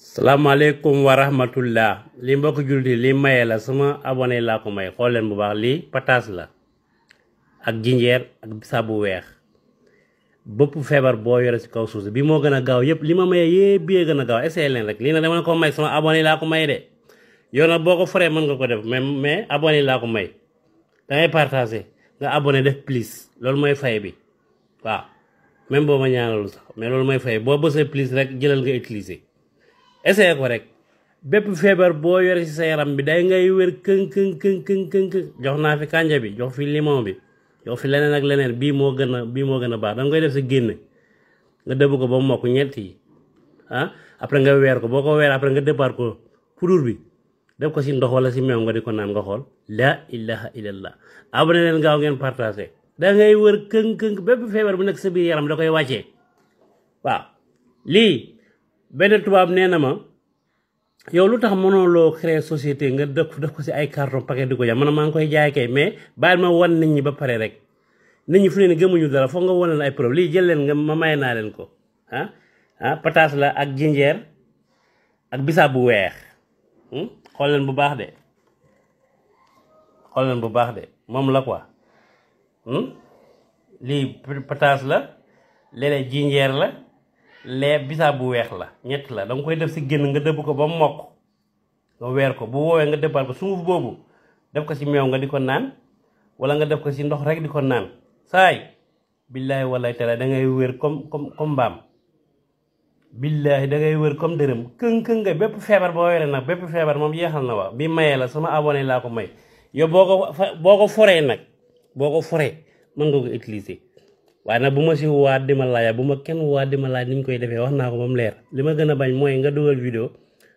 salaamaaleykum wa rahmatullah li mbokk jullit li maye la suma abonné laa ko may xool leen bu baax lii pataas la ak jinjeer ak bisaab bu weex bëpp feebar boo yore si kaw suuf si bi moo gën a gaaw yëpp li ma maye yëpp bi gën a gaaw essayé leen rek lii nag dama ko may suma abonné laa ko may de yoona nag boo ko foree mën nga ko def mais mais abonné laa ko may dangay partagé nga abonné def plus loolu mooy fay bi waaw même boo ma ñaanalu sax mais loolu mooy fay boo bësee plus rek jëlal nga utiliser essayé ko rek bépp feebar boo yore si sa yaram bi day ngay wér këng këng këng këng këng jox naa fi kànja bi jox fi limon bi jox fi leneen ak leneen bii moo gën a bii moo gën a baax danga koy def sa génn nga dëbb ko ba mu mokk ñett yi ah après nga weer ko boo ko weer après nga départ ko poudre bi def ko si ndox wala si meew nga di ko naan nga xool la ilaha illallah abonné leen gaaw ngeen partagé da ngay wër këng këng bépp feebar bu nekk sa biir yaram da koy wàccee benn tubaab nee na ma yow lu tax mënuloo créer société nga def def ko si ay carton paquet di ko jaay man maa ngi koy jaay kay mais bàyyi ma wan nit ñi ba pare rek nit ñi fu ne nii gëmuñu dara foog nga wan leen ay preuve lii jël leen nga ma may naa ko ah ah pataas la ak jinjeer ak bisaab bu weex hmm? xool leen bu baax de xool bu baax de moom la quoi hmm? lii pataas la léeg-léeg la. lee bisaab bu weex la ñett la da koy def si génn nga dëbb ko ba mu mokk nga weer ko bu woowee nga dëbbaat ko sunguf boobu def ko si meew nga di ko naan wala nga def ko si ndox rek di ko naan saay billaahi wallahi taala da ngay wér comme comme comme mbaam billaahi da ngay wér comme dërëm këng nga bépp feebar boo weere nag bépp feebar moom yeexal na wax bi mayee la sama abonné laa ko may yow boo ko boo ko foree nag boo ko foree mën nga ko waaye nag bu ma si waat di ma laaj bu ma kenn waat di ma laaj ni ñu koy defee wax naa ko moom mu leer li ma gën a bañ mooy nga dugal vidéo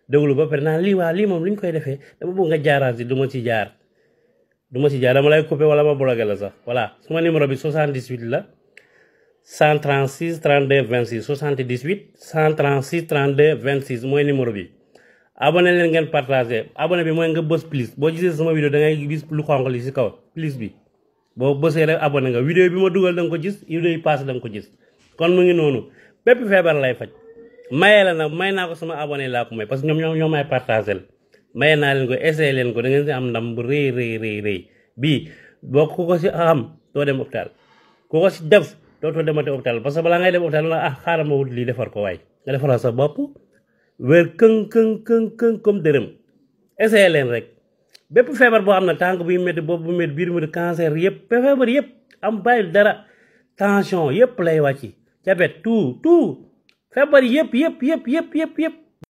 déglu ba pare naa lii waa lii moom li ñu koy defee dama bëgg nga jaaraat du ma si jaar du ma ci jaar dama lay coupé wala ma bloqué la sax voilà suma numéro bi 78 la 136 32 26 78 136 32 26 mooy numéro bi abonné leen ngeen partagé abonné bi mooy nga bës plus boo gisee sama vidéo da ngay gis lu xonq li si kaw plus bi boo bësee rek abonné nga vidéo bi ma dugal da ko gis vidéo yi passé da nga ko gis kon mu ngi noonu bépp feebar lay faj mayee la nag may naa ko sama abonné laa ko may parce que ñoom ñoo ñoo may partagé naa leen ko essayé leen ko da ngeen si am ndam bu rëy rëy rëy bii boo ku ko si am doo dem hôpital ku ko si def dootoo demate hôpital parce que balaa ngay dem hôpital la ah xaaral ma wut lii defar ko waay nga defaral sa bopp wér këŋ këŋ këŋ këŋ comme dërëm essayé leen rek bépp feebar boo am na tànk buy métti bopp bu métti biir métti cancer yëpp feebar yëpp am bàyyi dara tension yëpp lay wàcc diabète tout tout feebar yëpp yëpp yëpp yëpp yëpp yëpp